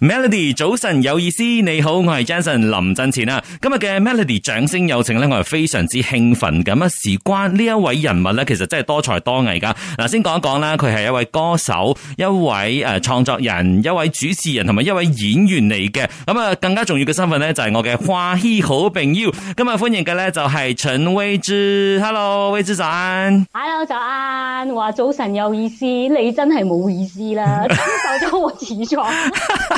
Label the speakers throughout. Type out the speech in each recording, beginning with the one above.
Speaker 1: Melody 早晨有意思，你好，我係 Jason 林振前啊！今日嘅 Melody 掌聲有請咧，我係非常之興奮咁啊！事關呢一位人物咧，其實真係多才多藝噶。嗱，先講一講啦，佢係一位歌手、一位誒創作人、一位主持人同埋一位演員嚟嘅。咁啊，更加重要嘅身份咧，就係我嘅歡喜好朋友。今日歡迎嘅咧就係陳威之，Hello 威之贊，Hello
Speaker 2: 早晨。」話早晨有意思，你真係冇意思啦，真受咗我痔瘡。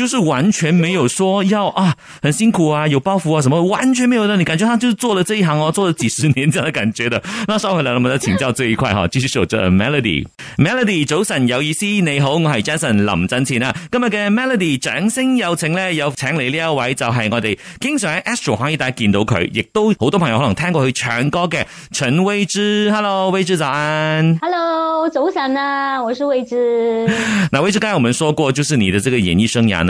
Speaker 1: 就是完全沒有說要啊，很辛苦啊，有包袱啊什麼，完全沒有讓你感覺他就是做了這一行哦，做了幾十年這樣的感覺的。那稍回來了，我們再請教這一塊哈， 繼續守着 Melody。Melody，早晨有意思，你好，我是 Jason 林振前啊。今日嘅 Melody 掌聲有請呢，有請你呢一位就係、是、我哋經常喺 Astro 可以大家見到佢，亦都好多朋友可能聽過佢唱歌嘅陳薇芝。Hello 薇芝，早安
Speaker 2: ，Hello 早晨啊，我是薇芝。
Speaker 1: 那薇芝剛才我們說過，就是你的這個演藝生涯呢？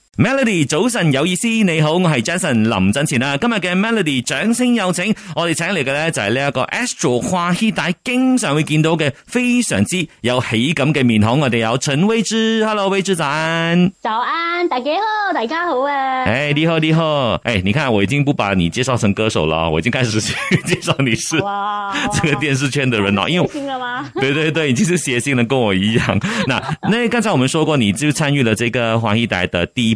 Speaker 1: Melody 早晨有意思，你好，我係 Jason 林振前啊。今日嘅 Melody 掌聲有請，我哋請嚟嘅咧就係呢一個 Astro 花喜大經常會見到嘅非常之有喜感嘅面孔。我哋有陳威之，Hello 威之讚，早安，
Speaker 2: 大
Speaker 1: 家好，大家好啊，哎你好你好，哎你看我已經不把你介紹成歌手啦，我已經開始介紹你是這個電視圈的人咯，因為嗎對對對，你就是寫信人跟我一樣。那那剛才我們說過，你就參與了這個花喜大的第一。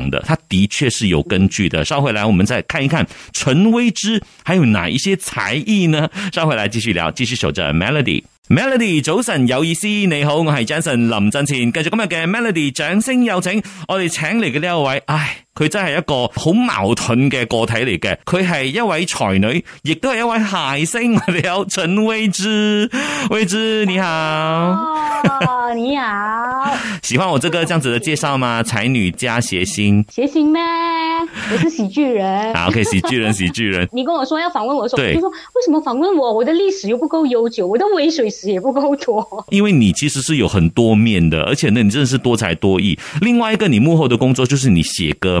Speaker 1: 它的，他的確是有根據的。稍回來我們再看一看陳威之還有哪一些才藝呢？稍回來繼續聊，繼續守着 Melody。Melody，早晨有意思，你好，我係 Jason 林振前。繼續今日嘅 Melody，掌聲有請我哋請嚟嘅呢一位，唉。佢真係一個好矛盾嘅個體嚟嘅，佢係一位才女，亦都係一位諧星。我哋有陳威之，威之。你好，哦、
Speaker 2: 你好，
Speaker 1: 喜歡我這個這樣子嘅介紹嗎？才女加諧星，
Speaker 2: 諧星咩？我是喜劇人，ok，喜劇
Speaker 1: 人，喜劇人。你跟
Speaker 2: 我說要訪問我，的時候你就說，為什麼訪問我？我的歷史又不夠悠久，我的威水史也不夠多。
Speaker 1: 因為你其實是有很多面的，而且呢，你真的是多才多藝。另外一個，你幕後的工作就是你寫歌。